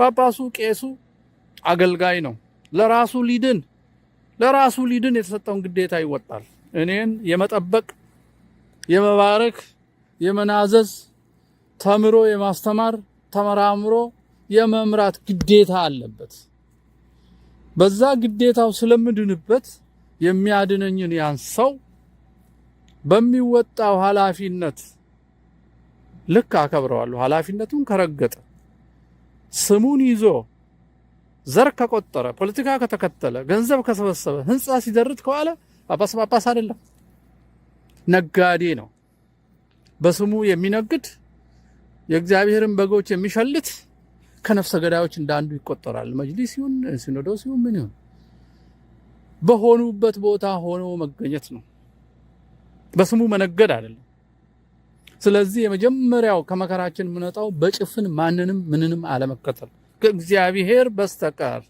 ጳጳሱ፣ ቄሱ አገልጋይ ነው። ለራሱ ሊድን ለራሱ ሊድን የተሰጠውን ግዴታ ይወጣል። እኔን የመጠበቅ የመባረክ የመናዘዝ ተምሮ የማስተማር ተመራምሮ የመምራት ግዴታ አለበት። በዛ ግዴታው ስለምድንበት የሚያድነኝን ያን ሰው በሚወጣው ኃላፊነት ልክ አከብረዋለሁ። ኃላፊነቱን ከረገጠ ስሙን ይዞ ዘር ከቆጠረ ፖለቲካ ከተከተለ ገንዘብ ከሰበሰበ ህንፃ ሲደርት ከዋለ ጳጳስ ጳጳስ አይደለም፣ ነጋዴ ነው። በስሙ የሚነግድ የእግዚአብሔርን በጎች የሚሸልት ከነፍሰ ገዳዮች እንደ አንዱ ይቆጠራል። መጅሊስ ይሁን ሲኖዶስ ይሁን ምን ይሁን በሆኑበት ቦታ ሆኖ መገኘት ነው። በስሙ መነገድ አይደለም። ስለዚህ የመጀመሪያው ከመከራችን የምንወጣው በጭፍን ማንንም ምንንም አለመከተል ከእግዚአብሔር በስተቀር